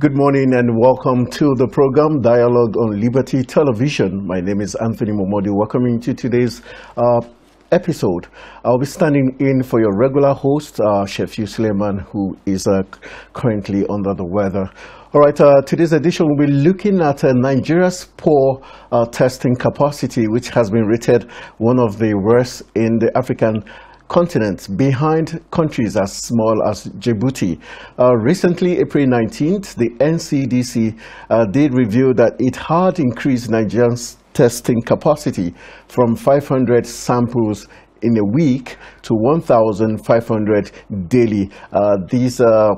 Good morning and welcome to the program Dialogue on Liberty Television. My name is Anthony Momodi, welcoming to today's uh, episode. I'll be standing in for your regular host, uh, Chef Suleiman, who is uh, currently under the weather. All right, uh, today's edition will be looking at uh, Nigeria's poor uh, testing capacity, which has been rated one of the worst in the African continents behind countries as small as Djibouti. Uh, recently, April 19th, the NCDC uh, did reveal that it had increased Nigerians testing capacity from 500 samples in a week to 1,500 daily. Uh, these uh,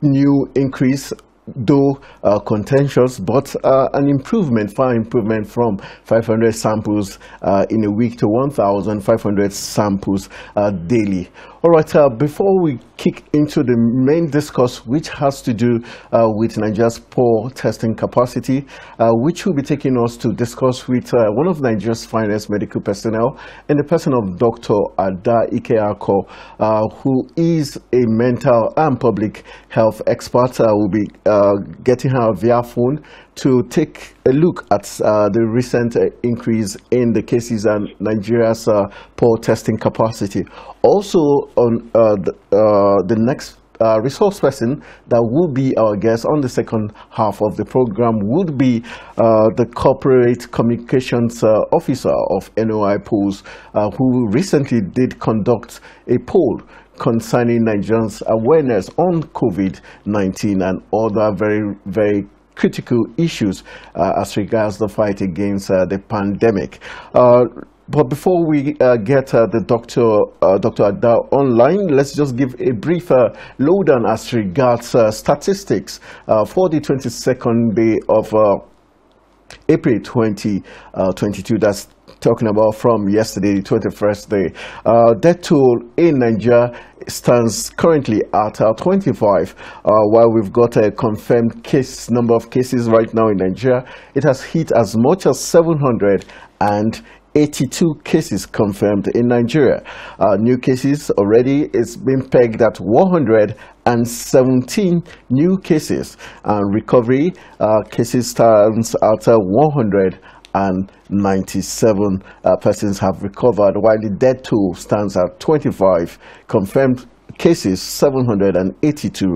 new increase though uh, contentious, but uh, an improvement, far improvement from 500 samples uh, in a week to 1,500 samples uh, daily. All right, uh, before we kick into the main discourse, which has to do uh, with Nigeria's poor testing capacity, uh, which will be taking us to discuss with uh, one of Nigeria's finest medical personnel, and the person of Dr. Ada Ikeako, uh, who is a mental and public health expert. Uh, we'll be getting her via phone to take a look at uh, the recent uh, increase in the cases and Nigeria's uh, poor testing capacity. Also, on uh, the, uh, the, next uh, resource person that will be our guest on the second half of the program would be the corporate communications officer of NOI Polls, who recently did conduct a poll concerning Nigerians' awareness on COVID-19 and other very, very critical issues uh, as regards the fight against uh, the pandemic. Uh, but before we uh, get uh, the doctor, uh, Dr. Ada online, let's just give a brief lowdown as regards statistics for the 22nd day of April 2022. 20, that's talking about from yesterday, 21st day. Uh, death toll in Nigeria stands currently at uh, 25 uh, while we've got a confirmed case number of cases right now in Nigeria it has hit as much as 782 cases confirmed in Nigeria uh, new cases already it's been pegged at 117 new cases and recovery uh, cases stands at uh, 100 and 97 uh, persons have recovered, while the death toll stands at 25 confirmed cases 782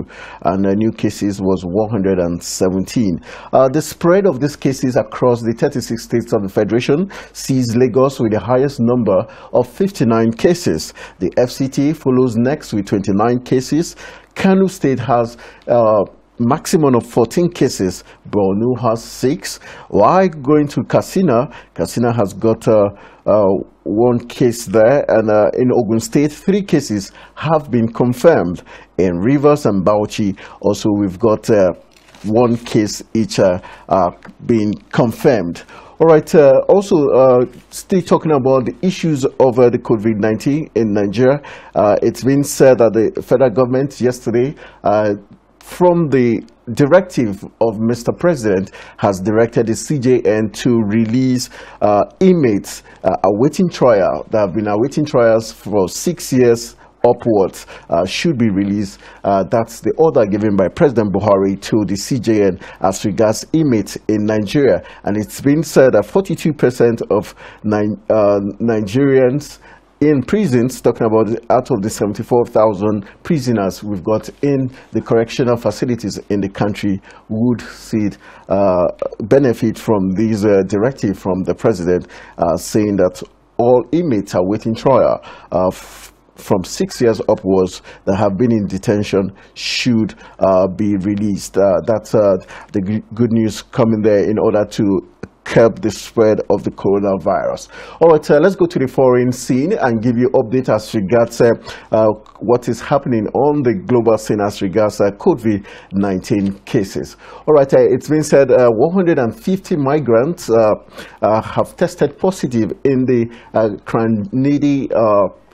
and uh, new cases was 117 uh, the spread of these cases across the 36 states of the federation sees lagos with the highest number of 59 cases the fct follows next with 29 cases kanu state has uh, maximum of 14 cases. Bornu has six. Why going to Casina? Casina has got uh, uh, one case there, and uh, in Ogun State, three cases have been confirmed. In Rivers and Bauchi, also we've got uh, one case each uh, uh, being confirmed. All right, uh, also uh, still talking about the issues of uh, the COVID-19 in Nigeria. it's been said that the federal government yesterday from the directive of Mr. President has directed the CJN to release uh, inmates uh, awaiting trial that have been awaiting trials for six years upwards uh, should be released. Uh, that's the order given by President Buhari to the CJN as regards inmates in Nigeria. And it's been said that 42% of Ni uh, Nigerians in prisons, talking about out of the 74,000 prisoners we've got in the correctional facilities in the country would see it, uh, benefit from this uh, directive from the president uh, saying that all inmates are waiting trial uh, from six years upwards that have been in detention should uh, be released. Uh, that's the good news coming there in order to curb the spread of the coronavirus. All right, uh, let's go to the foreign scene and give you update as regards uh, uh, what is happening on the global scene as regards uh, COVID-19 cases. All right, uh, it's been said uh, 150 migrants have tested positive in the uh, Kranidi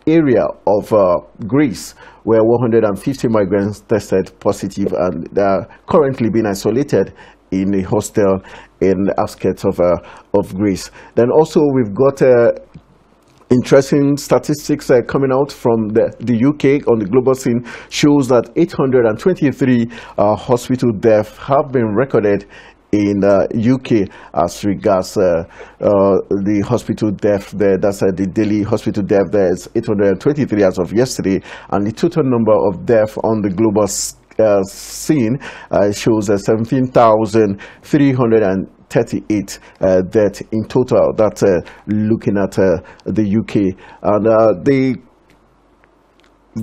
area of uh, Greece where 150 migrants tested positive and they are currently being isolated in a hostel in the outskirts of, uh, of Greece. Then also we've got uh, interesting statistics uh, coming out from the, the UK on the global scene shows that 823 uh, hospital deaths have been recorded in the uh, UK as regards uh, the hospital death there. That's the daily hospital death there is 823 as of yesterday and the total number of deaths on the global scale uh, seen uh, shows uh, seventeen thousand three hundred and thirty-eight. uh, that in total that's uh, looking at uh, the UK and uh, the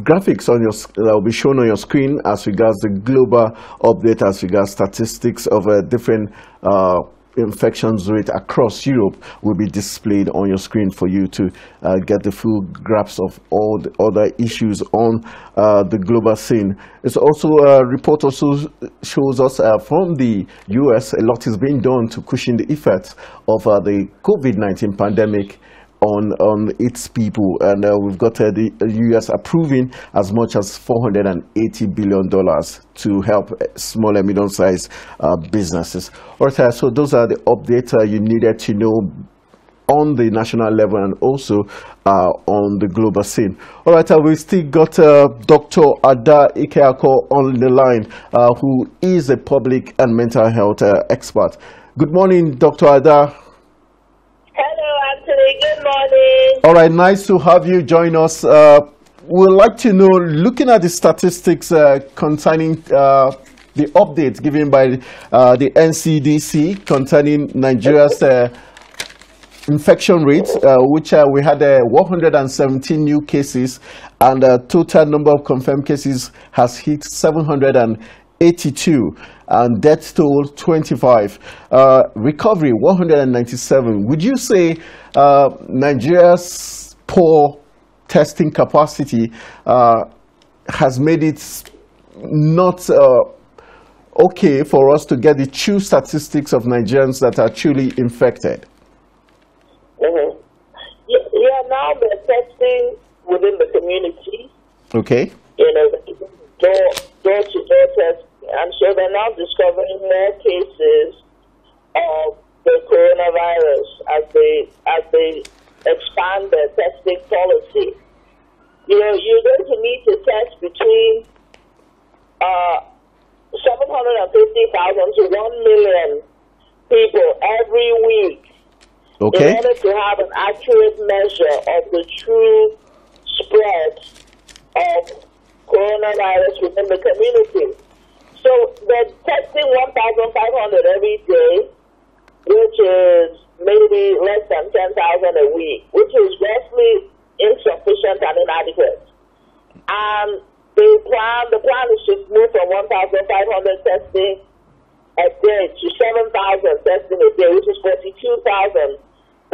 graphics on your that will be shown on your screen as regards the global update as regards statistics of uh, different uh, infections rate across Europe will be displayed on your screen for you to uh, get the full grasp of all the other issues on uh, the global scene. It's also a uh, report also shows us uh, from the US a lot is being done to cushion the effects of uh, the COVID-19 pandemic on on its people, and uh, we've got uh, the U.S. approving as much as 480 billion dollars to help uh, small and medium-sized uh, businesses. All right, uh, so those are the updates uh, you needed to know on the national level and also uh, on the global scene. All right, uh, we still got uh, Dr. Ada Ikeako on the line, uh, who is a public and mental health expert. Good morning, Dr. Ada. Hello morning. Good morning. All right, nice to have you join us. Uh, we'd like to know, looking at the statistics uh, concerning uh, the updates given by uh, the NCDC concerning Nigeria's uh, infection rate, uh, which we had 117 new cases, and the total number of confirmed cases has hit 700. 82 and death toll 25 uh, recovery 197 would you say uh, nigeria's poor testing capacity uh, has made it not uh, okay for us to get the true statistics of nigerians that are truly infected mm -hmm. yeah now we're testing within the community okay you know the door day to day testing. And so they're now discovering more cases of the coronavirus as they, as they expand their testing policy. You know, you're going to need to test between uh, 750,000 to 1 million people every week okay. in order to have an accurate measure of the true spread of coronavirus within the community. So they're testing 1,500 every day, which is maybe less than 10,000 a week, which is vastly insufficient and inadequate. And the plan, the plan is to move from 1,500 testing a day to 7,000 testing a day, which is 42,000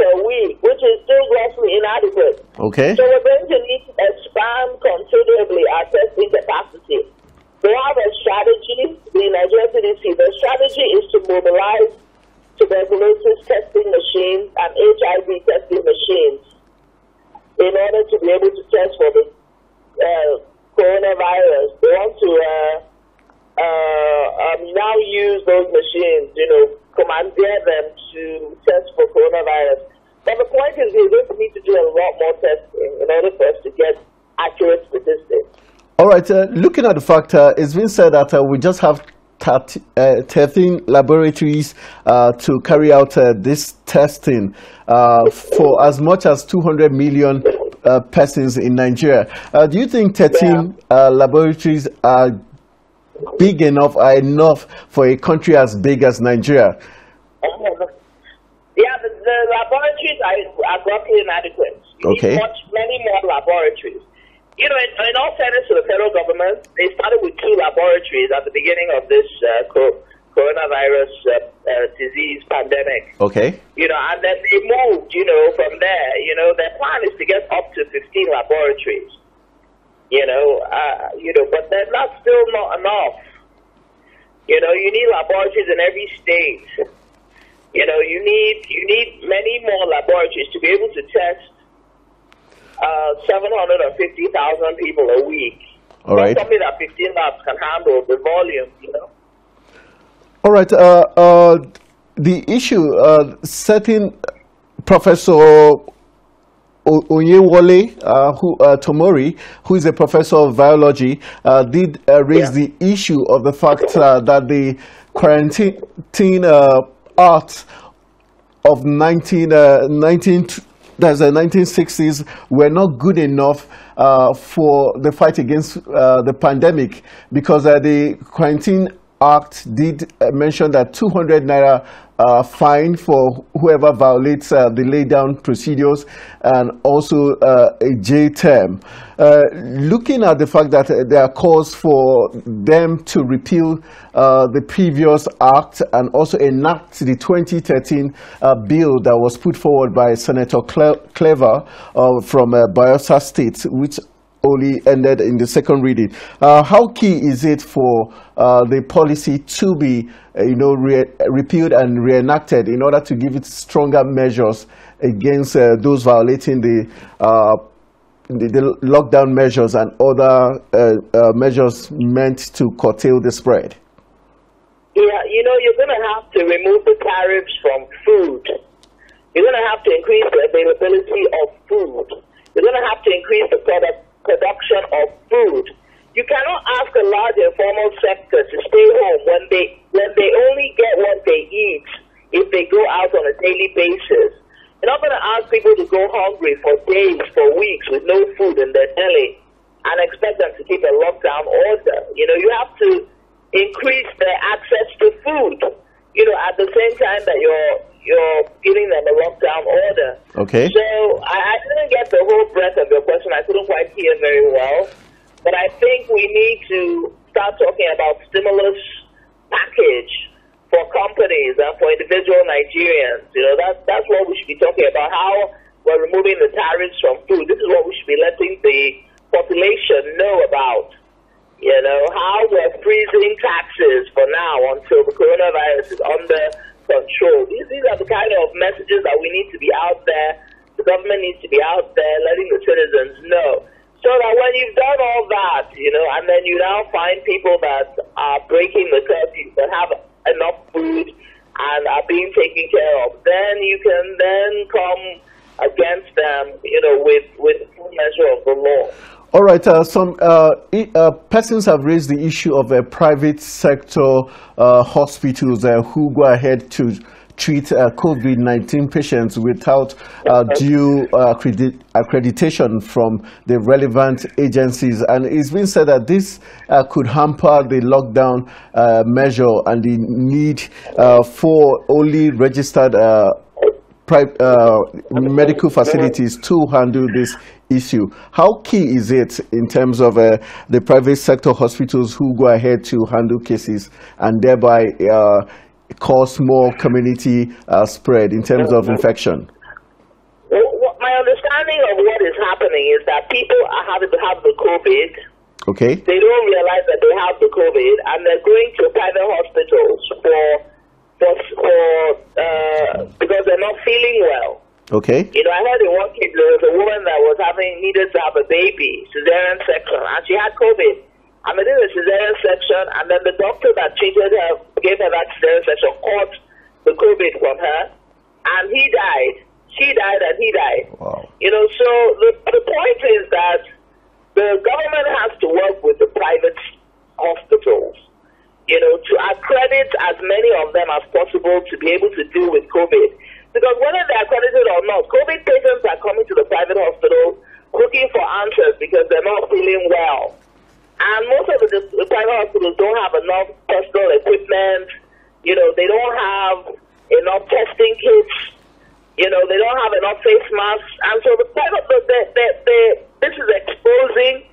per week, which is still grossly inadequate. Okay. So we're going to need to expand considerably our testing capacity. We have a strategy in Nigeria CDC. The strategy is to mobilize tuberculosis testing machines and HIV testing machines in order to be able to test for the uh, coronavirus. They want to uh, uh, um, now use those machines, you know, commandeer them to test for coronavirus. But the point is, we're going to need to do a lot more testing in order for us to get accurate statistics. All right, uh, looking at the fact, uh, it's been said that uh, we just have uh, 13 laboratories uh, to carry out uh, this testing uh, for as much as 200 million uh, persons in Nigeria. Uh, do you think 13 yeah. laboratories are big enough enough for a country as big as Nigeria. Yeah, the, the laboratories are, are grossly inadequate. You okay. Much, many more laboratories. You know, in, in all fairness to the federal government, they started with two laboratories at the beginning of this uh, co- coronavirus uh, uh, disease pandemic. Okay. You know, and then they moved, you know, from there. You know, their plan is to get up to 15 laboratories. You know, you know, but that's still not enough. You know, you need laboratories in every state. You know, you need you need many more laboratories to be able to test uh, 750,000 people a week. All right. Tell me that 15 labs can handle the volume. You know. All right. Uh, uh, the issue, uh, setting, professor Onyenwole uh, who, uh, Tomori, who is a professor of biology, uh, did uh, raise yeah. the issue of the fact uh, that the quarantine uh, art of 19, 19 the 1960s were not good enough for the fight against the pandemic because the quarantine act did mention that 200 naira uh, fine for whoever violates uh, the laid down procedures and also uh, a J term. Uh, looking at the fact that uh, there are calls for them to repeal uh, the previous act and also enact the 2013 bill that was put forward by Senator Cle Clever from Biosa State, which only ended in the second reading. Uh, how key is it for uh, the policy to be, uh, you know, re repealed and reenacted in order to give it stronger measures against uh, those violating the, uh, the, the, lockdown measures and other uh, measures meant to curtail the spread? Yeah, you know, you're going to have to remove the tariffs from food. You're going to have to increase the availability of food. You're going to have to increase the product production of food. You cannot ask a large informal sector to stay home when they when they only get what they eat if they go out on a daily basis. You're not going to ask people to go hungry for days, for weeks, with no food in their belly, and expect them to keep a lockdown order. You know, you have to increase their access to food you know, at the same time that you're you're giving them a lockdown order. Okay. So I, I didn't get the whole breadth of your question. I couldn't quite hear very well, but I think we need to start talking about stimulus package for companies and for individual Nigerians. You know, that's that's what we should be talking about. How we're removing the tariffs from food. This is what we should be letting the population know about. You know, how we're freezing taxes for now until the coronavirus is under control. These, these are the kind of messages that we need to be out there. The government needs to be out there letting the citizens know. So that when you've done all that, you know, and then you now find people that are breaking the curfew, that have enough food and are being taken care of, then you can then come against them, you know, with, with full measure of the law. All right, uh, some uh, uh, persons have raised the issue of private sector uh, hospitals who go ahead to treat uh, COVID-19 patients without uh, due accredit accreditation from the relevant agencies. And it's been said that this could hamper the lockdown measure and the need for only registered uh, medical facilities to handle this issue. How key is it in terms of uh, the private sector hospitals who go ahead to handle cases and thereby uh, cause more community uh, spread in terms of infection? my understanding of what is happening is that people are having to have the COVID. Okay. They don't realize that they have the COVID and they're going to private hospitals for uh, because they're not feeling well. Okay. You know, I heard in one case there was a woman that was having needed to have a baby cesarean section, and she had COVID. And they did a cesarean section, and then the doctor that treated her gave her that cesarean section caught the COVID from her, and he died. She died, and he died. Wow. You know, so the the point is that the government has to work with the private hospitals you know, to accredit as many of them as possible to be able to deal with COVID. Because whether they're accredited or not, COVID patients are coming to the private hospitals, looking for answers because they're not feeling well. And most of the, the private hospitals don't have enough personal equipment. You know, they don't have enough testing kits. You know, they don't have enough face masks. And so the private, the, the, the, the, this is exposing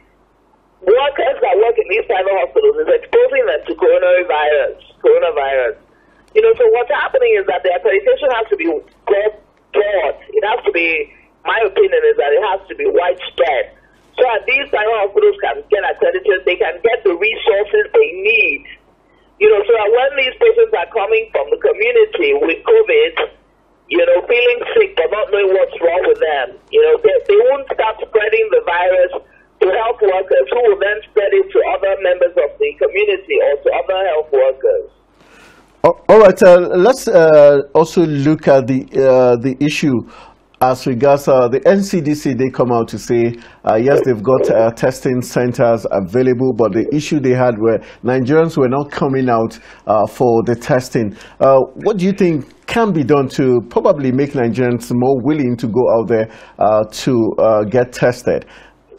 workers that work in these private hospitals is exposing them to coronavirus. Coronavirus. You know, so what's happening is that the accreditation has to be broad. It has to be. My opinion is that it has to be widespread. So that these private hospitals can get accredited, they can get the resources they need. You know, so that when these patients are coming from the community with COVID, you know, feeling sick but not knowing what's wrong with them, you know, they, they won't start spreading the virus to health workers who will then spread it to other members of the community or to other health workers. Oh, all right, uh, let's uh, also look at the, uh, the issue as regards uh, the NCDC, they come out to say, uh, yes, they've got uh, testing centers available, but the issue they had were Nigerians were not coming out for the testing. what do you think can be done to probably make Nigerians more willing to go out there to get tested?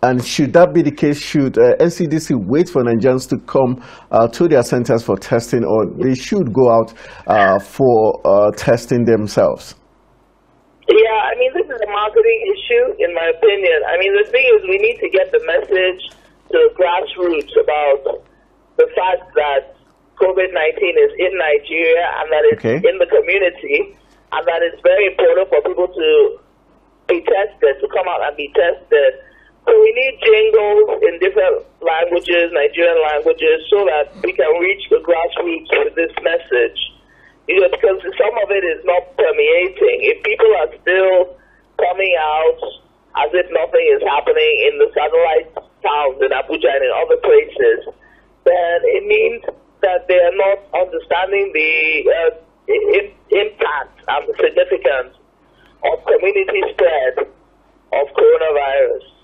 And should that be the case, should uh, NCDC wait for Nigerians to come uh, to their centers for testing, or they should go out uh, for uh, testing themselves? Yeah, I mean, this is a marketing issue, in my opinion. I mean, the thing is, we need to get the message to the grassroots about the fact that COVID 19 is in Nigeria and that it's okay. in the community, and that it's very important for people to be tested, to come out and be tested so we need jingles in different languages, Nigerian languages, so that we can reach the grassroots with this message. You know, because some of it is not permeating. If people are still coming out as if nothing is happening in the satellite towns in Abuja and in other places, then it means that they are not understanding the uh, I- impact and the significance of community spread of coronavirus.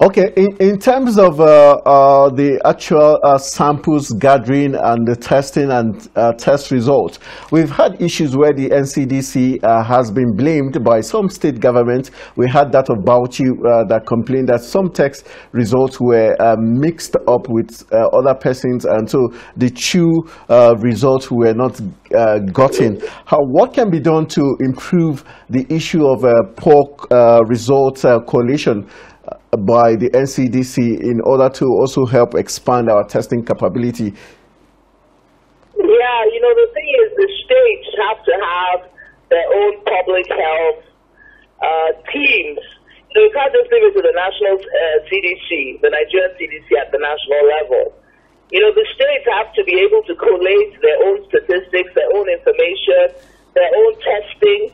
Okay, in, in terms of uh, uh, the actual uh, samples gathering and the testing and uh, test results, we've had issues where the NCDC uh, has been blamed by some state governments. We had that of Bauchi uh, that complained that some test results were mixed up with other persons and so the true results were not gotten. How, what can be done to improve the issue of poor results collation? by the NCDC in order to also help expand our testing capability? Yeah, you know, the thing is the states have to have their own public health uh, teams. So you can't just leave it to the national uh, CDC, the Nigerian CDC at the national level. You know, the states have to be able to collate their own statistics, their own information, their own testing,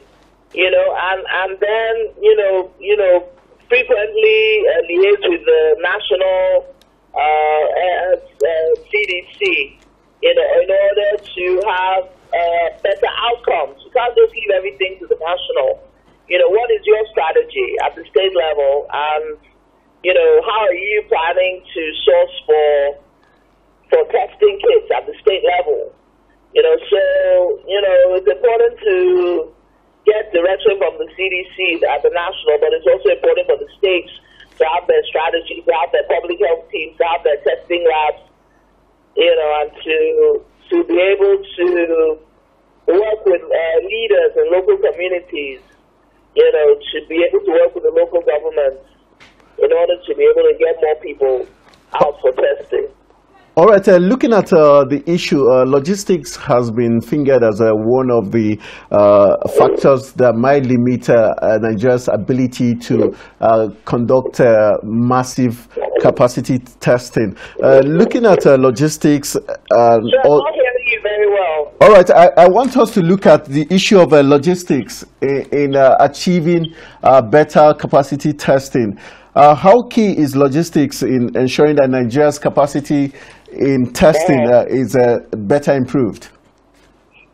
you know, and, and then, you know, you know, frequently uh, liaise with the national uh, uh, CDC uh, in, in order to have uh, better outcomes. You can't just leave everything to the national. You know, what is your strategy at the state level? And, you know, how are you planning to source for, for testing kits at the state level? You know, so, you know, it's important to get direction from the CDC at the national, but it's also important for the states to have their strategies, to have their public health teams, to have their testing labs, you know, and to to be able to work with uh, leaders and local communities, you know, to be able to work with the local government in order to be able to get more people out for testing. All right, uh, looking at uh, the issue, uh, logistics has been fingered as uh, one of the uh, factors that might limit uh, Nigeria's ability to conduct massive capacity testing. looking at logistics, very well. All right, I, I want us to look at the issue of uh, logistics in, in uh, achieving uh, better capacity testing. Uh, how key is logistics in ensuring that Nigeria's capacity in testing uh, is uh, better improved?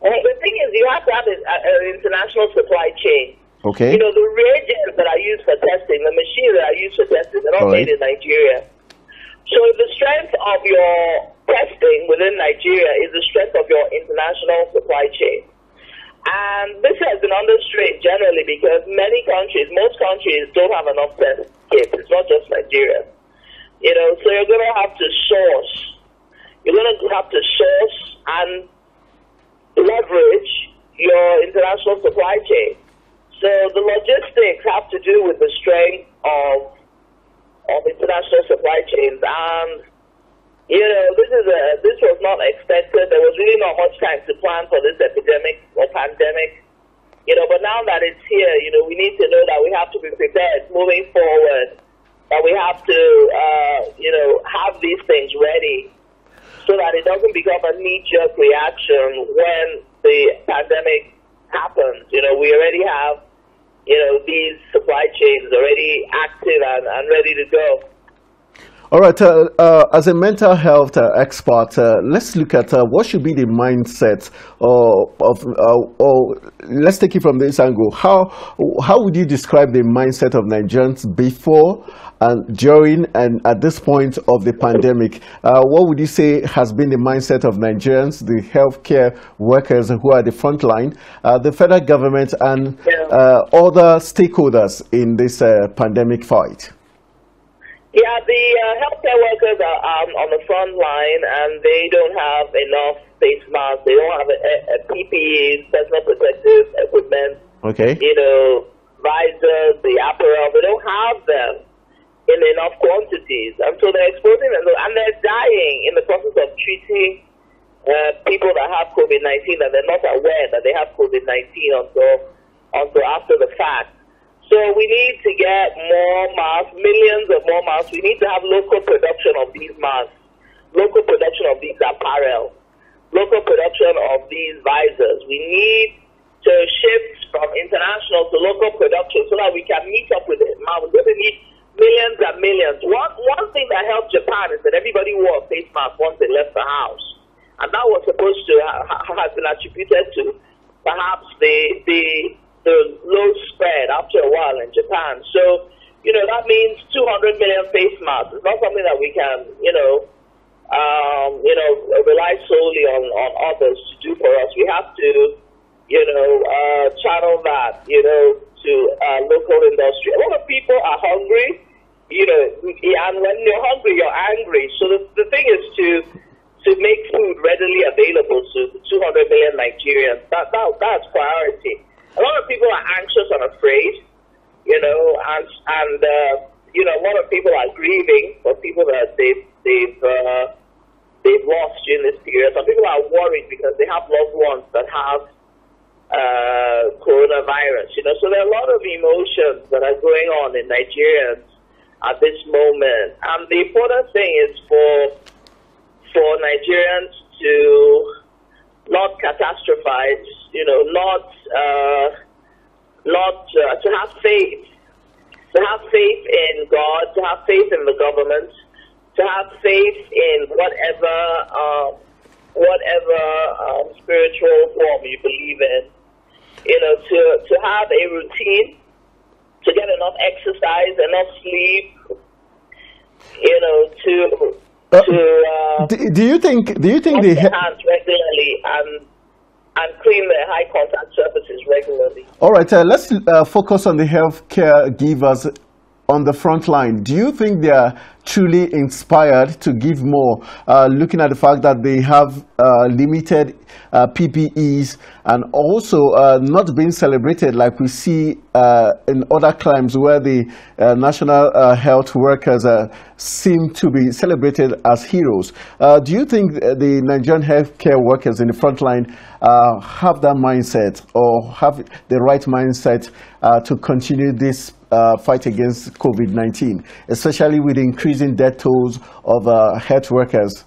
the thing is, you have to have an international supply chain. Okay. You know, the reagents that are used for testing, the machines that are used for testing, they're all, all right. made in Nigeria. So the strength of your testing within Nigeria is the strength of your international supply chain. And this has been understood generally because many countries, most countries don't have enough test kits. It's not just Nigeria. You know, so you're going to have to source. You're going to have to source and leverage your international supply chain. So the logistics have to do with the strength of of international supply chains. And, um, you know, this is a, this was not expected. There was really not much time to plan for this epidemic or pandemic. You know, but now that it's here, you know, we need to know that we have to be prepared moving forward, that we have to, uh, you know, have these things ready so that it doesn't become a knee-jerk reaction when the pandemic happens. You know, we already have you know, these supply chains already active and, and ready to go. All right, uh, uh, as a mental health uh, expert, uh, let's look at uh, what should be the mindset of, uh, or let's take it from this angle. How, how would you describe the mindset of Nigerians before and during and at this point of the pandemic? what would you say has been the mindset of Nigerians, the healthcare workers who are the front line, the federal government, and yeah. Uh, other stakeholders in this uh, pandemic fight? Yeah, the uh, healthcare workers are um, on the front line and they don't have enough face masks. They don't have a, a personal protective equipment. Okay. You know, visors, the apparel. They don't have them in enough quantities, and so they're exposing them, and they're dying in the process of treating uh, people that have COVID nineteen, and they're not aware that they have COVID nineteen until until after the fact. So we need to get more masks, millions of more masks. We need to have local production of these masks, local production of these apparel, local production of these visors. We need to shift from international to local production so that we can meet up with it. we're going to need millions and millions. One, one thing that helped Japan is that everybody wore a face mask once they left the house. And that was supposed to ha- have been attributed to perhaps the, the the low spread after a while in Japan. So, you know, that means 200 million face masks. It's not something that we can, you know, um, you know, rely solely on, on others to do for us. We have to, you know, uh, channel that, you know, to uh, local industry. A lot of people are hungry, you know, and when you're hungry, you're angry. So the, the thing is to to make food readily available to 200 million Nigerians. That, that that's priority a lot of people are anxious and afraid, you know, and and uh, you know a lot of people are grieving for people that they've they've uh, they've lost during this period. Some people are worried because they have loved ones that have uh, coronavirus. You know, so there are a lot of emotions that are going on in Nigerians at this moment. And the important thing is for for Nigerians to not catastrophize you know, not, uh, not uh, to have faith, to have faith in God, to have faith in the government, to have faith in whatever, um, whatever um, spiritual form you believe in. You know, to, to have a routine, to get enough exercise, enough sleep, you know, to uh, to, uh, do, do, you think do you think the he- regularly and and clean their high contact surfaces regularly. All right, uh, let's uh, focus on the healthcare givers on the front line. Do you think they are truly inspired to give more, uh, looking at the fact that they have uh, limited uh, PPEs and also uh, not being celebrated like we see uh, in other climes where the uh, national health workers seem to be celebrated as heroes. do you think the Nigerian healthcare workers in the front line have that mindset or have the right mindset to continue this uh, fight against COVID-19, especially with increasing death tolls of uh, health workers?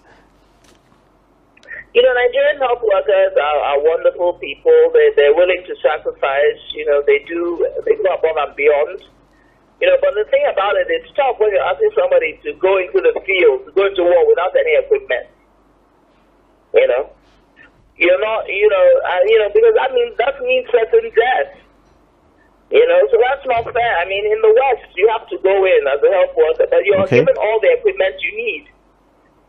You know, Nigerian health workers are, are wonderful people. They, they're willing to sacrifice. You know, they do they go above and beyond. You know, but the thing about it, it's tough when you're asking somebody to go into the field, to go into war without any equipment. You know, you're not, you know, uh, you know, because that means that means certain death. You know, so that's not fair. I mean, in the West, you have to go in as a health worker, but you're okay. given all the equipment you need.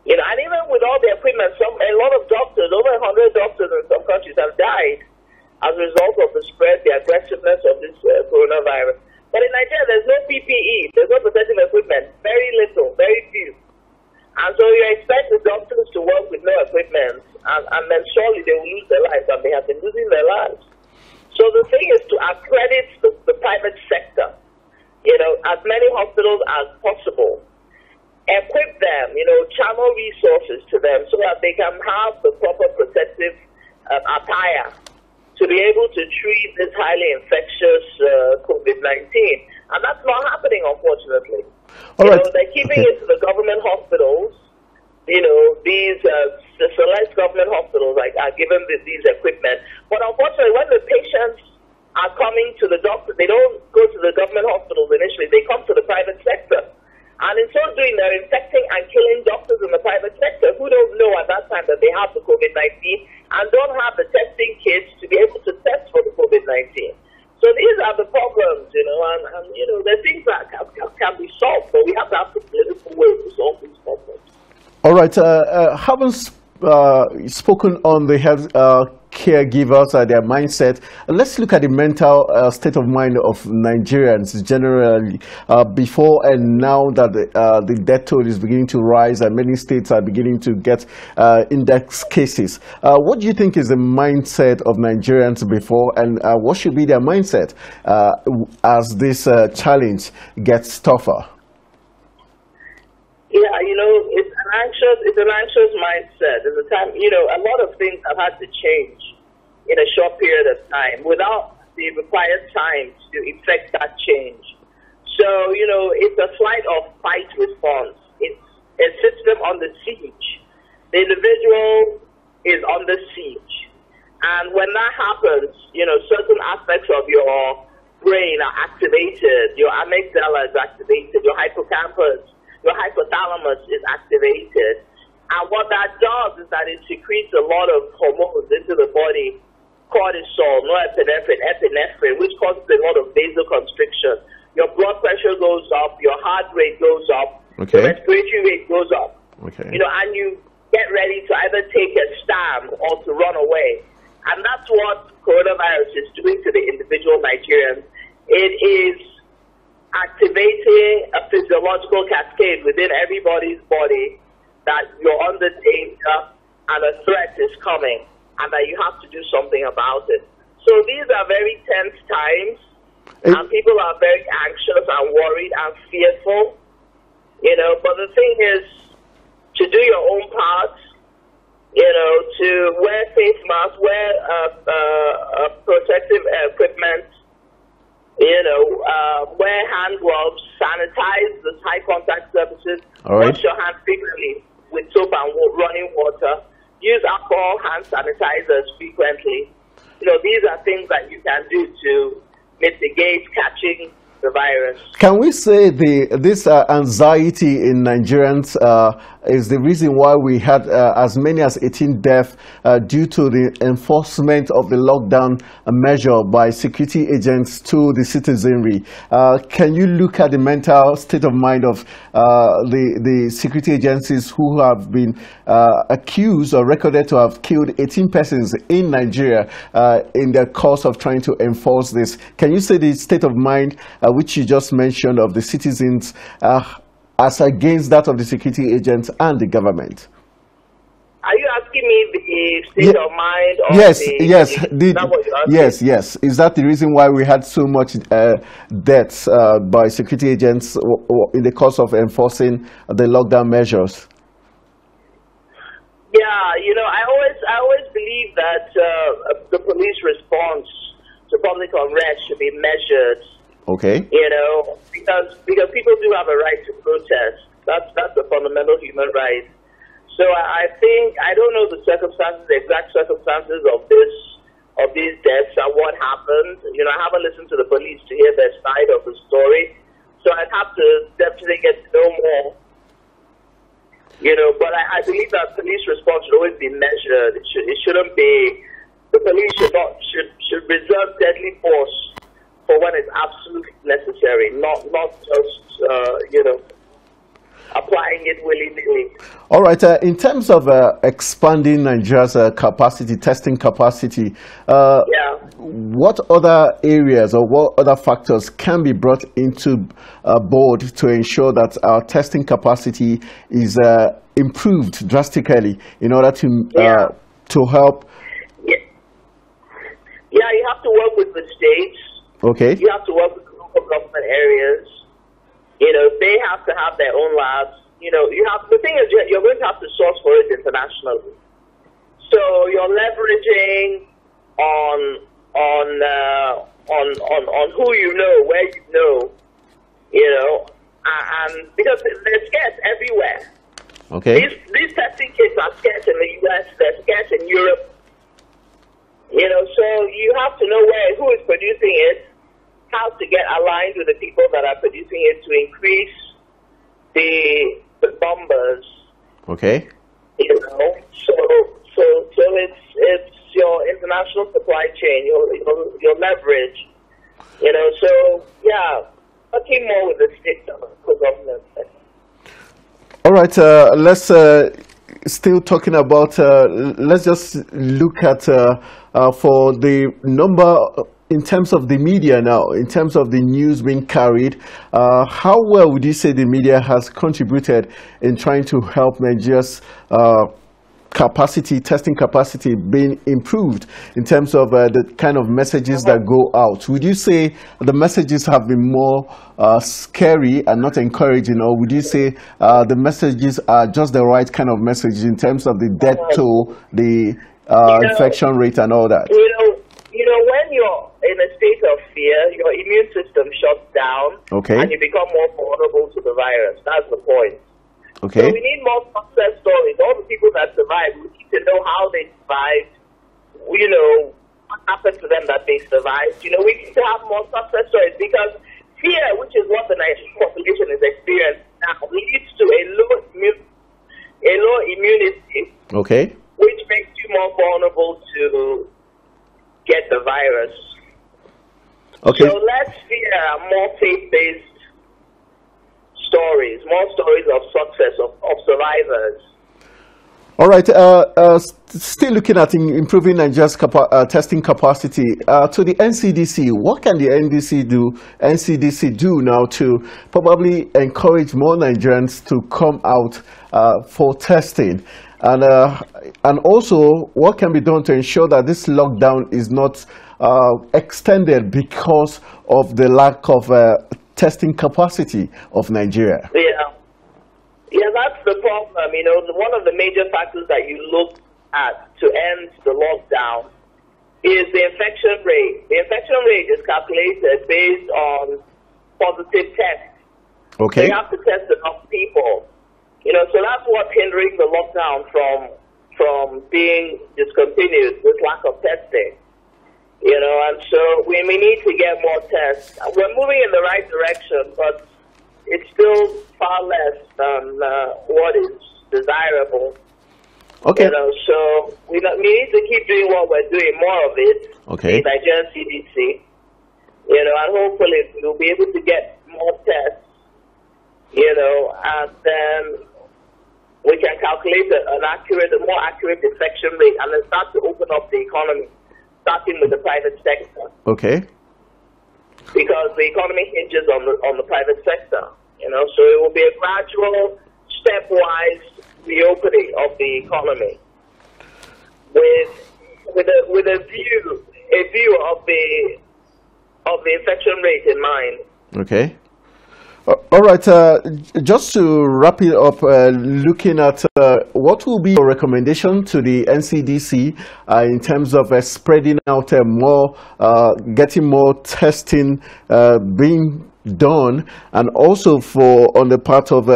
You know, and even with all the equipment, some a lot of doctors, over a 100 doctors in some countries have died as a result of the spread, the aggressiveness of this uh, coronavirus. But in Nigeria, there's no PPE, there's no protective equipment, very little, very few. And so you expect the doctors to work with no equipment, and, and then surely they will lose their lives, and they have been losing their lives. So the thing is to accredit the, the private sector, you know, as many hospitals as possible. Equip them, you know, channel resources to them so that they can have the proper protective um, attire to be able to treat this highly infectious uh, COVID 19. And that's not happening, unfortunately. All you right. know, they're keeping okay. it to the government hospitals you know, these uh, the select government hospitals like, are given the, these equipment. But unfortunately, when the patients are coming to the doctor, they don't go to the government hospitals initially. They come to the private sector. And in so doing, they're infecting and killing doctors in the private sector who don't know at that time that they have the COVID-19 and don't have the testing kits to be able to test for the COVID-19. So these are the problems, you know, and, and you know, there are things that can, can, can be solved, but we have to have the political will to solve these problems. All right, uh, uh, haven't uh, spoken on the health uh, caregivers and their mindset. Let's look at the mental uh, state of mind of Nigerians generally uh, before and now that the, the, death toll is beginning to rise and many states are beginning to get index cases. what do you think is the mindset of Nigerians before and what should be their mindset as this challenge gets tougher? Yeah, you know, it's an anxious, it's an anxious mindset. There's a time, you know, a lot of things have had to change in a short period of time without the required time to effect that change. So, you know, it's a flight or fight response. It's a system on the siege. The individual is on the siege. And when that happens, you know, certain aspects of your brain are activated, your amygdala is activated, your hippocampus your hypothalamus is activated. And what that does is that it secretes a lot of hormones into the body, cortisol, norepinephrine, epinephrine, which causes a lot of vasoconstriction. Your blood pressure goes up, your heart rate goes up, okay. your respiratory rate goes up. Okay. You know, and you get ready to either take a stand or to run away. And that's what coronavirus is doing to the individual Nigerians. It is activating a physiological cascade within everybody's body that you're under danger and a threat is coming and that you have to do something about it. So these are very tense times and people are very anxious and worried and fearful, you know, but the thing is to do your own part, you know, to wear face masks, wear a, a, a protective wear hand gloves, sanitize the high contact surfaces, All right. wash your hands frequently with soap and running water, use alcohol hand sanitizers frequently. You know, these are things that you can do to mitigate catching the virus. Can we say the this uh, anxiety in Nigerians uh, is the reason why we had uh, as many as 18 deaths uh, due to the enforcement of the lockdown measure by security agents to the citizenry. Uh, can you look at the mental state of mind of uh, the, the security agencies who have been uh, accused or recorded to have killed 18 persons in Nigeria uh, in the course of trying to enforce this? Can you say the state of mind which you just mentioned of the citizens as against that of the security agents and the government. Are you asking me the uh, state yeah. of mind? Of yes, the, yes, the, yes, yes. Is that the reason why we had so much uh, deaths uh, by security agents in the course of enforcing the lockdown measures? Yeah, you know, I always, I always believe that uh, the police response to public unrest should be measured Okay. You know, because because people do have a right to protest. That's that's a fundamental human right. So I, I think I don't know the circumstances, the exact circumstances of this of these deaths and what happened. You know, I haven't listened to the police to hear their side of the story. So I'd have to definitely get to know more. You know, but I, I believe that police response should always be measured. It, should, it shouldn't be the police should not should should reserve deadly force All right, uh, in terms of uh, expanding Nigeria's uh, capacity, testing capacity, uh, yeah. what other areas or what other factors can be brought into uh, board to ensure that our testing capacity is uh, improved drastically in order to, yeah. to help? Yeah. yeah, you have to work with the states. Okay. You have to work with local government areas. You know, they have to have their own labs you know, you have the thing is you're, you're going to have to source for it internationally. So you're leveraging on on uh, on on on who you know, where you know, you know, and because they're scarce everywhere. Okay. These these testing kits are scarce in the U.S. They're scarce in Europe. You know, so you have to know where who is producing it, how to get aligned with the people that are producing it to increase the the bombers. Okay. You know, so so so it's it's your international supply chain, your your, your leverage. You know, so yeah, working more with the state government. All right, uh, let's. Uh, still talking about uh, let's just look at uh, uh, for the number in terms of the media now, in terms of the news being carried, uh, how well would you say the media has contributed in trying to help Nigeria's uh, capacity, testing capacity being improved in terms of uh, the kind of messages that go out? Would you say the messages have been more uh, scary and not encouraging, or would you say uh, the messages are just the right kind of messages in terms of the death toll, the uh, you know, infection rate, and all that? You know, you know when you're in a state of fear, your immune system shuts down, okay. and you become more vulnerable to the virus. That's the point. Okay. So we need more success stories. All the people that survived, we need to know how they survived. You know what happened to them that they survived. You know we need to have more success stories because fear, which is what the Nigerian population is experiencing now, leads to a low immune, a low immunity. Okay. Which makes you more vulnerable to get the virus. Okay. So let's hear more faith-based stories, more stories of success of, of survivors. All right. Uh, uh, still looking at improving Nigeria's capa- uh, testing capacity. Uh, to the NCDC, what can the NDC do? NCDC do now to probably encourage more Nigerians to come out uh, for testing, and uh, and also what can be done to ensure that this lockdown is not uh, extended because of the lack of uh, testing capacity of Nigeria? Yeah. Yeah, that's the problem. You know, one of the major factors that you look at to end the lockdown is the infection rate. The infection rate is calculated based on positive tests. Okay. You have to test enough people. You know, so that's what's hindering the lockdown from from being discontinued with lack of testing. You know, and so we we need to get more tests. We're moving in the right direction, but it's still far less than uh, what is desirable. Okay. You know, so we, we need to keep doing what we're doing, more of it. Okay. Nigerian CDC. You know, and hopefully we'll be able to get more tests. You know, and then we can calculate an accurate, a more accurate infection rate, and then start to open up the economy starting with the private sector. Okay. Because the economy hinges on the, on the private sector, you know, so it will be a gradual, stepwise reopening of the economy with, with, a, with a, view, a view of the, of the infection rate in mind. Okay. Uh, all right, uh, just to wrap it up, uh, looking at uh, what will be your recommendation to the NCDC uh, in terms of uh, spreading out more, getting more testing being done, and also for on the part of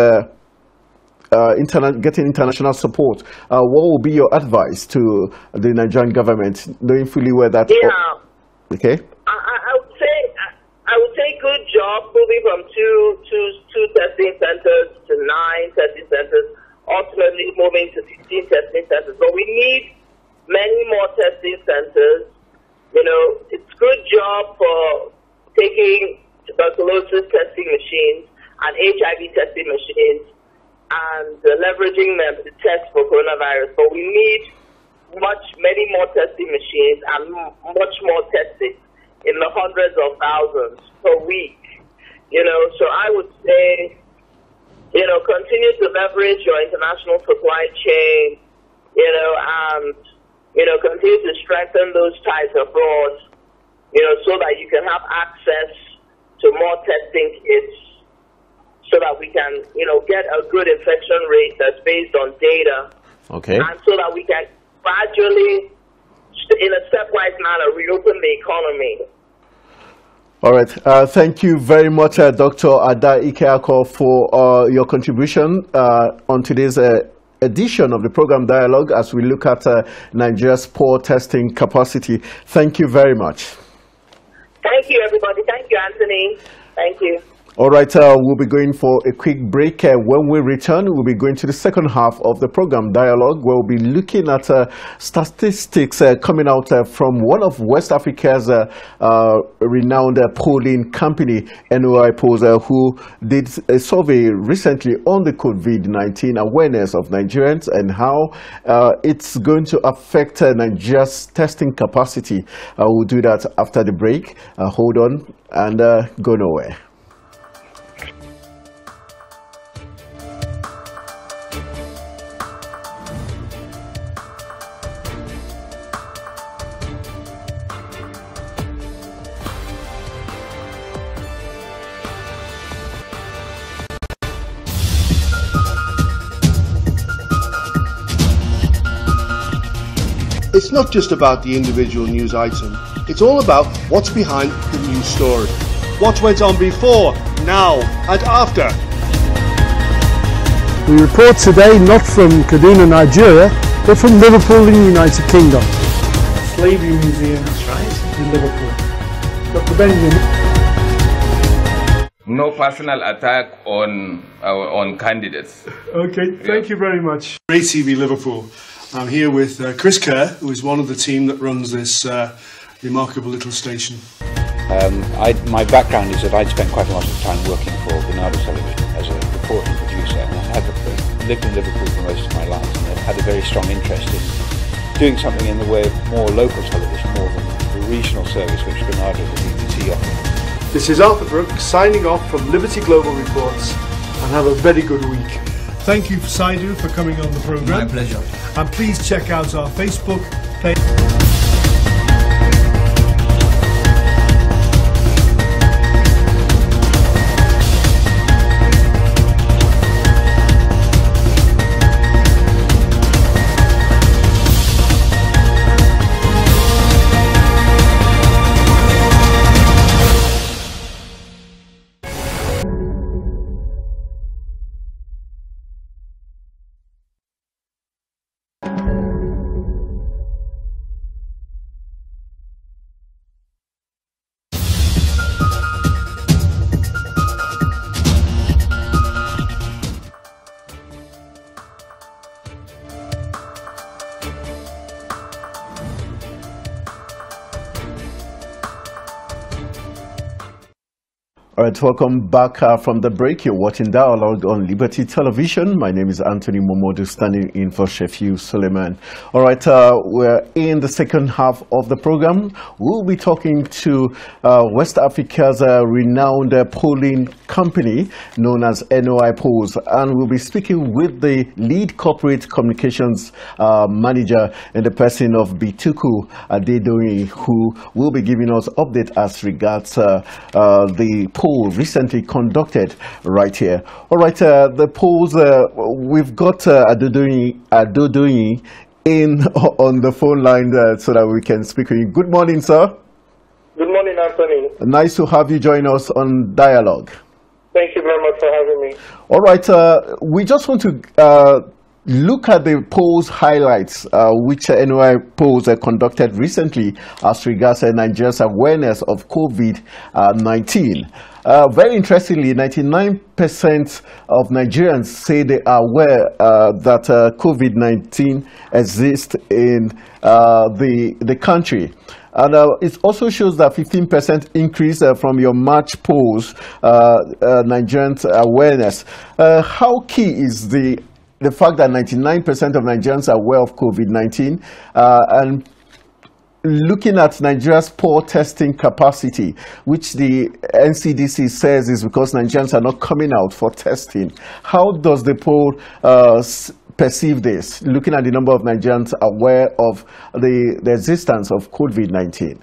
interna getting international support. what will be your advice to the Nigerian government, knowing fully well that? Yeah. Okay. I, I a good job moving from two, two, two testing centers to nine testing centers, ultimately moving to 16 testing centers. But we need many more testing centers. You know, it's a good job for taking tuberculosis testing machines and HIV testing machines and uh, leveraging them to test for coronavirus. But we need much, many more testing machines and much more testing in the hundreds of thousands per week. You know, so I would say, you know, continue to leverage your international supply chain, you know, and, um, you know, continue to strengthen those ties abroad, you know, so that you can have access to more testing kits so that we can, you know, get a good infection rate that's based on data. Okay. And so that we can gradually in a stepwise manner, reopen the economy. All right. Uh, thank you very much, uh, Dr. Ada Ikeako, for uh, your contribution uh, on today's uh, edition of the program Dialogue as we look at uh, Nigeria's poor testing capacity. Thank you very much. Thank you, everybody. Thank you, Anthony. Thank you. All right, uh, we'll be going for a quick break. Uh, when we return, we'll be going to the second half of the program dialogue, where we'll be looking at uh, statistics uh, coming out uh, from one of West Africa's uh, renowned polling company, NOI Poser, who did a survey recently on the COVID-19 awareness of Nigerians and how it's going to affect Nigeria's testing capacity. we'll do that after the break. hold on and go nowhere. It's not just about the individual news item, it's all about what's behind the news story. What went on before, now, and after. We report today not from Kaduna, Nigeria, but from Liverpool in the United Kingdom. Slavery Museum right. in Liverpool. Dr. Benjamin. No personal attack on uh, on candidates. Okay, yeah. thank you very much. Great TV Liverpool. I'm here with uh, Chris Kerr, who is one of the team that runs this uh, remarkable little station. Um, I, my background is that I'd spent quite a lot of time working for Bernardo Television as a reporter and producer, and I had lived in Liverpool for most of my life, and i had a very strong interest in doing something in the way of more local television, more than the regional service which Bernardo the BBC offer. This is Arthur Brooks signing off from Liberty Global Reports, and have a very good week. Thank you, Saidu, for coming on the programme. My pleasure. And please check out our Facebook page. right, welcome back uh, from the break. You're watching Dialogue on Liberty Television. My name is Anthony Momodu, standing in for Shefiu Suleiman. All right, uh, we're in the second half of the program. We'll be talking to uh, West Africa's uh, renowned uh, polling company known as NOI Polls, and we'll be speaking with the lead corporate communications uh, manager and the person of Bituku Adedoyin, who will be giving us update as regards the poll poll recently conducted right here. All right, uh, the polls, uh, we've got uh, Adoduni, Adoduni in on the phone line uh, so that we can speak with you. Good morning, sir. Good morning, Anthony. Nice to have you join us on Dialogue. Thank you very much for having me. All right, uh, we just want to uh, look at the polls highlights uh, which NY polls are conducted recently as regards uh, Nigeria's awareness of COVID-19. Uh, uh, very interestingly, 99% of Nigerians say they are aware uh, that uh, COVID-19 exists in uh, the, the country. And uh, it also shows that 15% increase uh, from your March polls, Nigerian awareness. how key is the the fact that 99% of Nigerians are aware of COVID-19 and looking at Nigeria's poor testing capacity, which the NCDC says is because Nigerians are not coming out for testing, how does the poll uh, perceive this, looking at the number of Nigerians aware of the, the existence of COVID-19?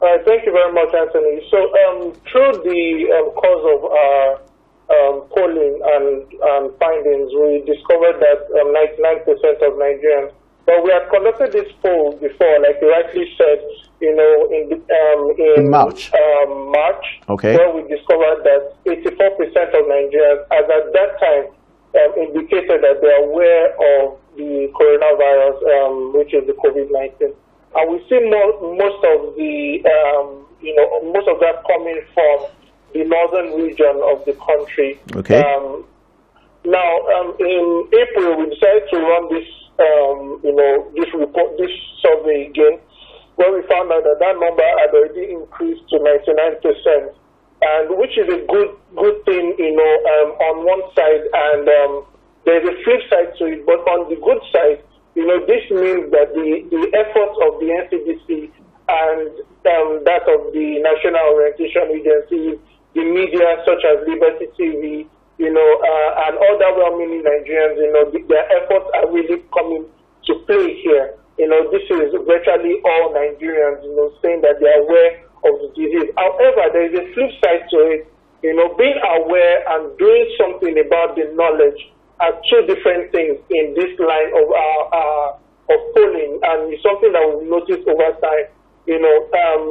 All right, uh, thank you very much, Anthony. So um, through the um, course of our uh, um, polling and, and, findings, we discovered that 99% um, of Nigerians but we had conducted this poll before, like you rightly said, you know, in, um, in, in, March. Um, March, okay. where we discovered that 84% of Nigerians, as at that time, um, indicated that they are aware of the coronavirus, um, which is the COVID-19. And we see more, most of the, um, you know, most of that coming from the northern region of the country. Okay. Um, now, in April, we decided to run this um, you know, this report, this survey again, where we found out that that number had already increased to 99%, and which is a good good thing, you know, um, on one side, and um, there's a flip side to it, but on the good side, you know, this means that the, the efforts of the NCDC and um, that of the National Orientation Agency, the media such as Liberty TV, you know, uh, and all that well-meaning Nigerians, you know, their efforts are really coming to play here. You know, this is virtually all Nigerians, you know, saying that they are aware of the disease. However, there is a flip side to it. You know, being aware and doing something about the knowledge are two different things in this line of our, uh, uh, of polling, and it's something that we've noticed over time. You know, um,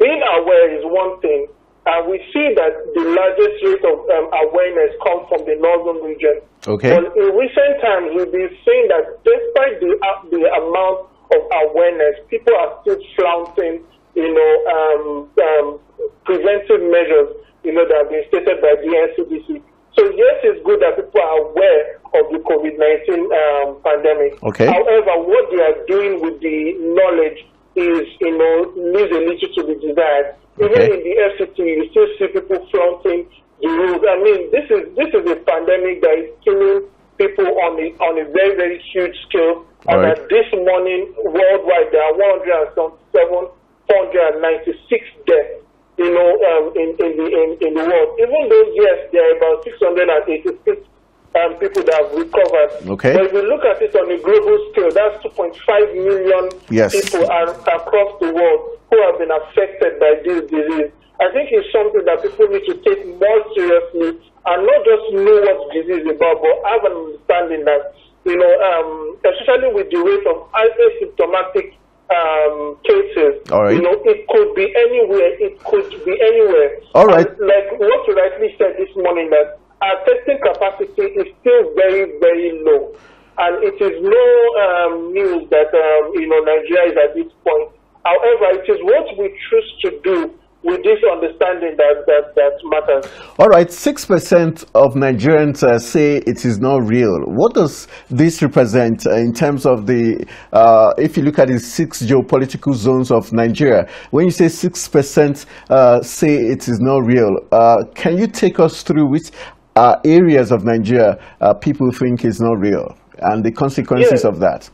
being aware is one thing, and we see that the largest rate of um, awareness comes from the northern region. Okay. But in recent times, we've been seeing that despite the, uh, the amount of awareness, people are still flouting, you know, um, um, preventive measures, you know, that have been stated by the NCDC. So yes, it's good that people are aware of the COVID-19 um, pandemic. Okay. However, what they are doing with the knowledge is, you know, leaves a little to be desired even okay. in the you still see people flaunting the rules. I mean, this is this is a pandemic that is killing people on a, on a very, very huge scale. and right. this morning, worldwide, there are 197,496 deaths, you know, um, in, in, the, in, in the world. Even though, yes, there are about 686 um, people that have recovered. Okay. But if you look at it on a global scale, that's 2.5 million yes. people are, across the world who have been affected by this disease. I think it's something that people need to take more seriously and not just know what disease is about, but have an understanding that, you know, um, especially with the rate of asymptomatic um, cases. All right. You know, it could be anywhere. It could be anywhere. All right. And like what you rightly said this morning, that our testing capacity is still very, very low. And it is no um, news that um, you know Nigeria is at this point. However, it is what we choose to do with this understanding that that, that matters. All right, six percent of Nigerians uh, say it is not real. What does this represent uh, in terms of the? Uh, if you look at the six geopolitical zones of Nigeria, when you say six percent uh, say it is not real, uh, can you take us through which areas of Nigeria uh, people think is not real and the consequences yes. of that.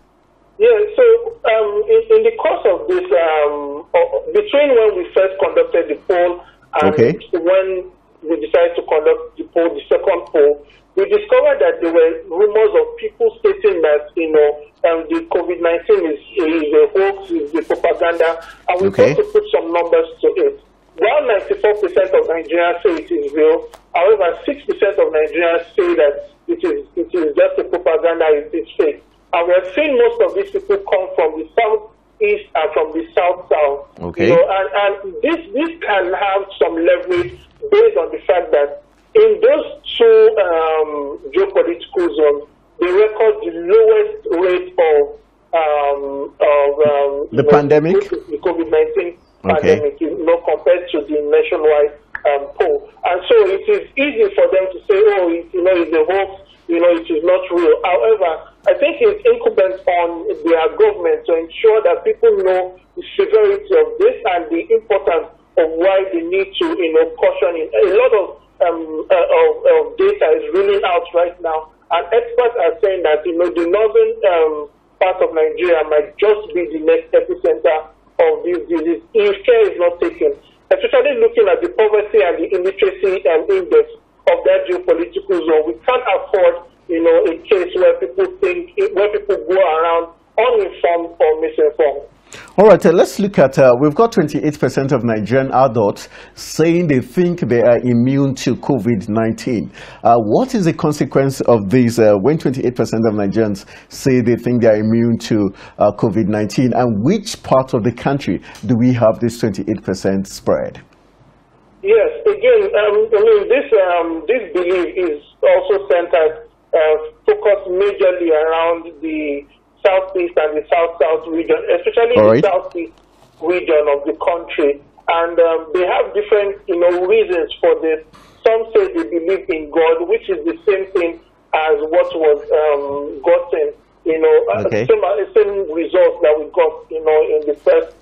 Yeah, so um, in, in, the course of this, um, between when we first conducted the poll and okay. when we decided to conduct the poll, the second poll, we discovered that there were rumors of people stating that, you know, um, the COVID-19 is, is a hoax, is the propaganda, and we okay. to put some numbers to it. While 94% of Nigerians say it is real, however, 6% of Nigerians say that it is, it is just a propaganda, it is fake. And we have seen most of these people come from the south east and from the south south. Okay. You know, and, and this this can have some leverage based on the fact that in those two um, geopolitical zones, they record the lowest rate of um, of um, the pandemic, know, COVID nineteen pandemic, you know, compared to the nationwide um, poll. And so it is easy for them to say, oh, it, you know, it's a hoax, you know, it is not real. However, I think it's incumbent on their government to ensure that people know the severity of this and the importance of why they need to, you know, caution it. A lot of, um, uh, of, of data is reeling out right now, and experts are saying that, you know, the northern um, part of Nigeria might just be the next epicenter of this disease, if care is not taken, especially looking at the poverty and the illiteracy and um, index of that geopolitical zone. We can't afford, you know, a case where people think, where people go around uninformed or misinformed. All right, uh, let's look at, uh, we've got 28% of Nigerian adults saying they think they are immune to COVID-19. Uh, what is the consequence of this uh, when 28% of Nigerians say they think they are immune to uh, COVID-19? And which part of the country do we have this 28% spread? Yes, again, um, I mean, this, um, this belief is also centered, uh, focused majorly around the southeast and the south south region, especially right. the southeast region of the country. And um, they have different, you know, reasons for this. Some say they believe in God, which is the same thing as what was um, gotten, you know, uh, okay. same, uh, same result that we got, you know, in the first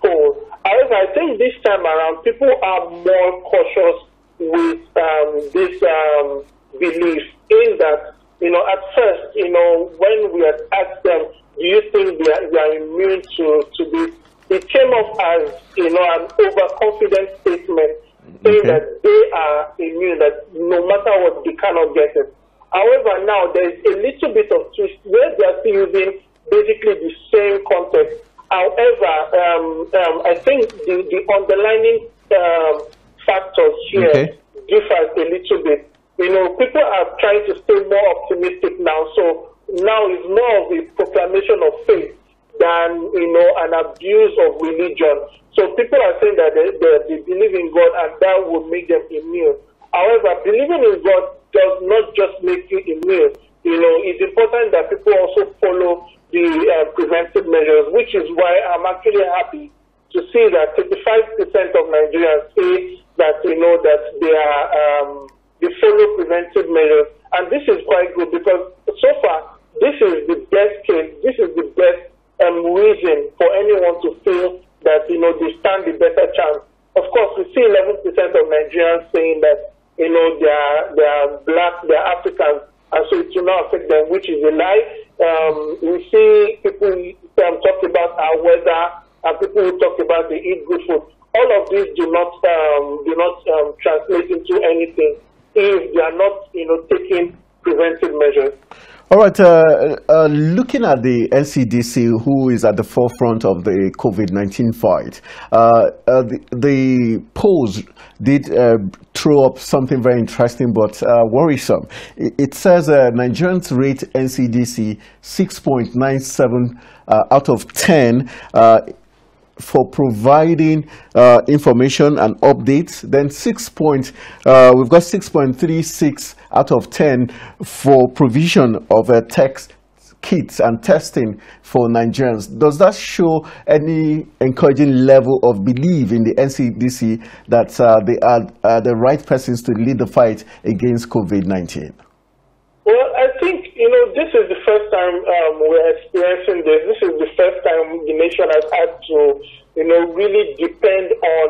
poll. However, I think this time around, people are more cautious with um, this um, belief in that you know, at first, you know, when we had asked them, do you think they are, they are immune to, to this, it came off as, you know, an overconfident statement mm-hmm. saying okay. that they are immune, that no matter what, they cannot get it. However, now there is a little bit of twist where they are still using basically the same context. However, um, um, I think the, the underlining um, factors here okay. differ a little bit you know, people are trying to stay more optimistic now. So now is more of a proclamation of faith than, you know, an abuse of religion. So people are saying that they, they, they believe in God and that will make them immune. However, believing in God does not just make you immune. You know, it's important that people also follow the uh, preventive measures, which is why I'm actually happy to see that 35% of Nigerians say that, you know, that they are... Um, the follow preventive measures. And this is quite good because so far, this is the best case, this is the best um, reason for anyone to feel that, you know, they stand the better chance. Of course, we see 11% of Nigerians saying that, you know, they are, they are black, they are Africans, and so it will not affect them, which is a lie. Um, we see people um, talk about our weather, and people who talk about the eat good food. All of these do not um, do not um, translate into anything if they are not, you know, taking preventive measures. All right, uh, uh, looking at the NCDC, who is at the forefront of the COVID-19 fight, uh, uh, the, the polls did uh, throw up something very interesting but uh, worrisome. It, it says Nigerians rate NCDC 6.97 out of 10 for providing uh, information and updates. Then six point uh, we've got 6.36 out of 10 for provision of a uh, text kits and testing for Nigerians. Does that show any encouraging level of belief in the NCDC that uh, they are the right persons to lead the fight against COVID-19? this is the first time um, we're experiencing this. This is the first time the nation has had to, you know, really depend on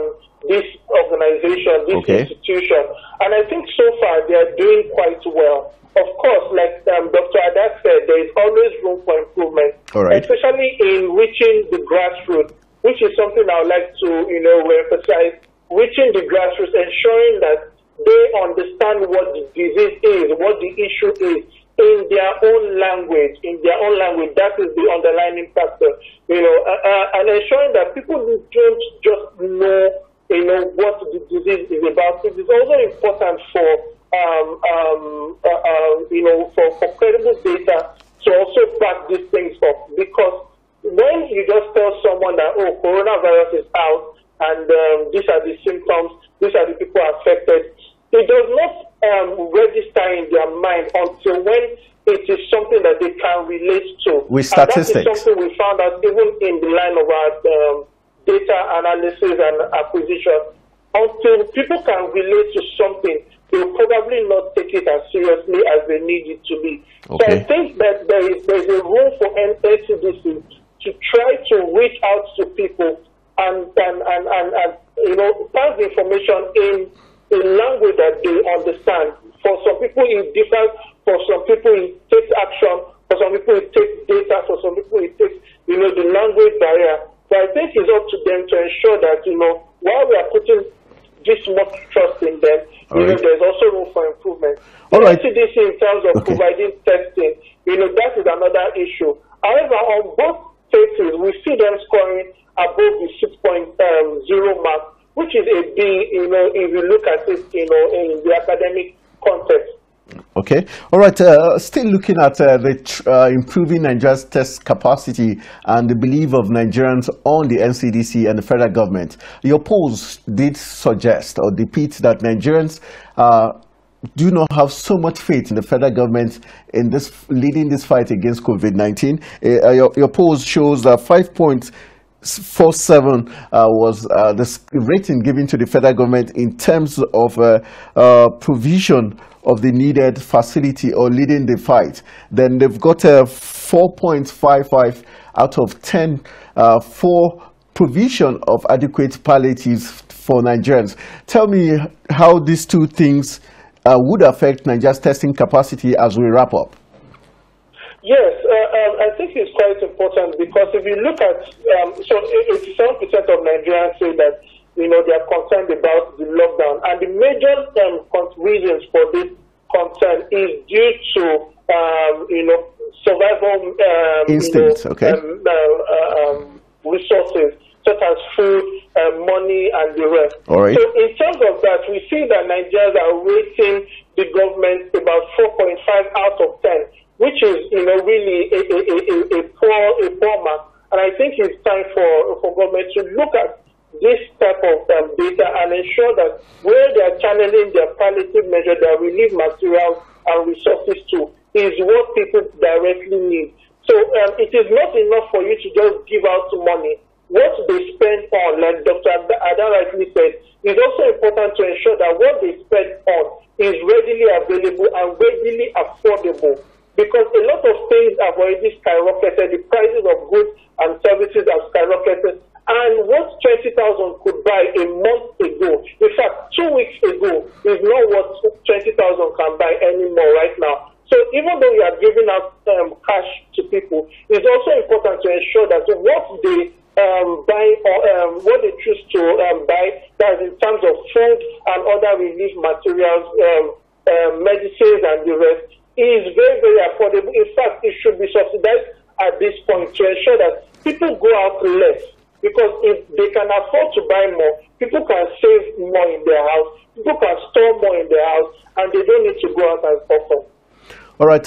this organization, this okay. institution. And I think so far they are doing quite well. Of course, like um, Dr. Adak said, there is always room for improvement, especially in reaching the grassroots, which is something I would like to, you know, emphasize. Reaching the grassroots, ensuring that they understand what the disease is, what the issue is, in their own language, in their own language. That is the underlining factor, you know, uh, uh, and ensuring that people don't just know, you know, what the disease is about. It is also important for, um, um, uh, um, you know, for, for credible data to also back these things up because when you just tell someone that, oh, coronavirus is out and um, these are the symptoms, these are the people affected, it does not um, register in their mind until when it is something that they can relate to. With statistics. And that is something we found out even in the line of our um, data analysis and acquisition. Until people can relate to something, they'll probably not take it as seriously as they need it to be. Okay. So I think that there is there's a room for NCDC to try to reach out to people and and, and, and, and you know pass information in a language that they understand. For some people, it differs. For some people, it takes action. For some people, it takes data. For some people, it takes, you know, the language barrier. But I think it's up to them to ensure that, you know, while we are putting this much trust in them, All you right. know, there's also room for improvement. All right. CDC in terms of okay. providing testing, you know, that is another issue. However, on both cases, we see them scoring above the 6.0 um, mark which is a B, you know, if you look at it, you know, in the academic context. Okay. All right. Uh, still looking at uh, the uh, improving Nigeria's test capacity and the belief of Nigerians on the NCDC and the federal government. Your polls did suggest or depict that Nigerians uh, do not have so much faith in the federal government in this leading this fight against COVID-19. Uh, your, your polls shows that five points 47 uh, was uh, the rating given to the federal government in terms of uh, uh, provision of the needed facility or leading the fight. Then they've got a uh, 4.55 out of 10 uh, for provision of adequate palliatives for Nigerians. Tell me how these two things would affect Nigeria's testing capacity as we wrap up. Yes, this is quite important because if you look at, um, so 87% of Nigerians say that, you know, they are concerned about the lockdown. And the major um, reasons for this concern is due to, um, you know, survival instincts, um, you know, um, okay. Um, uh, resources such as food, uh, money, and the rest. So, in terms of that, we see that Nigerians are rating the government about 4.5 out of 10, which is, you know, really a, a, need materials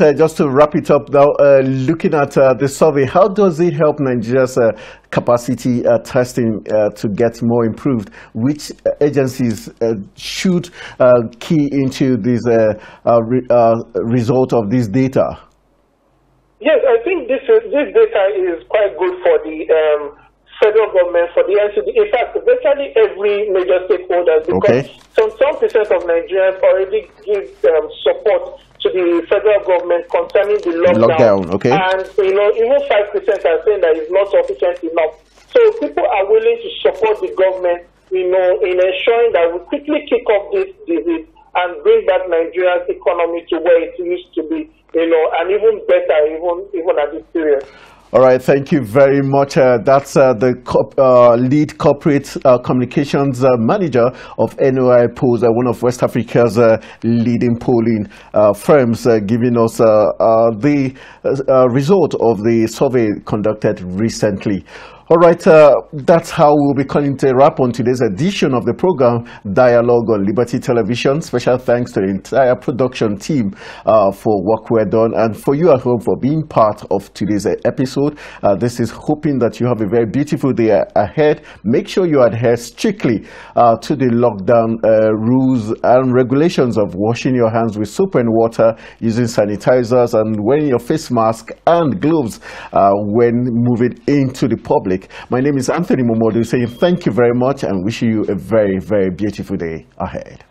uh, just to wrap it up now, uh, looking at uh, the survey, how does it help Nigeria's uh, capacity uh, testing uh, to get more improved? Which agencies should key into this re result of this data? Yes, I think this, this data is quite good for the um, federal government, for the NCD. In fact, virtually every major stakeholder, because okay. some, some percent of Nigerians already give um, support to, the federal government concerning the lockdown. lockdown okay. And, you know, even 5% are saying that it's not sufficient enough. So people are willing to support the government, you know, in ensuring that we quickly kick off this disease and bring back Nigeria's economy to where it used to be, you know, and even better, even, even at this period. All right, thank you very much. Uh, that's uh, the uh, lead corporate uh, communications uh, manager of NOI Polls, uh, one of West Africa's leading polling firms, giving us the result of the survey conducted recently. All right, uh, that's how we'll be coming to a wrap on today's edition of the program, Dialogue on Liberty Television. Special thanks to the entire production team uh, for work we've done and for you at home for being part of today's episode. Uh, this is hoping that you have a very beautiful day ahead. Make sure you adhere strictly uh, to the lockdown uh, rules and regulations of washing your hands with soap and water, using sanitizers, and wearing your face mask and gloves uh, when moving into the public. Republic. My name is Anthony Momodu saying thank you very much and wishing you a very, very beautiful day ahead.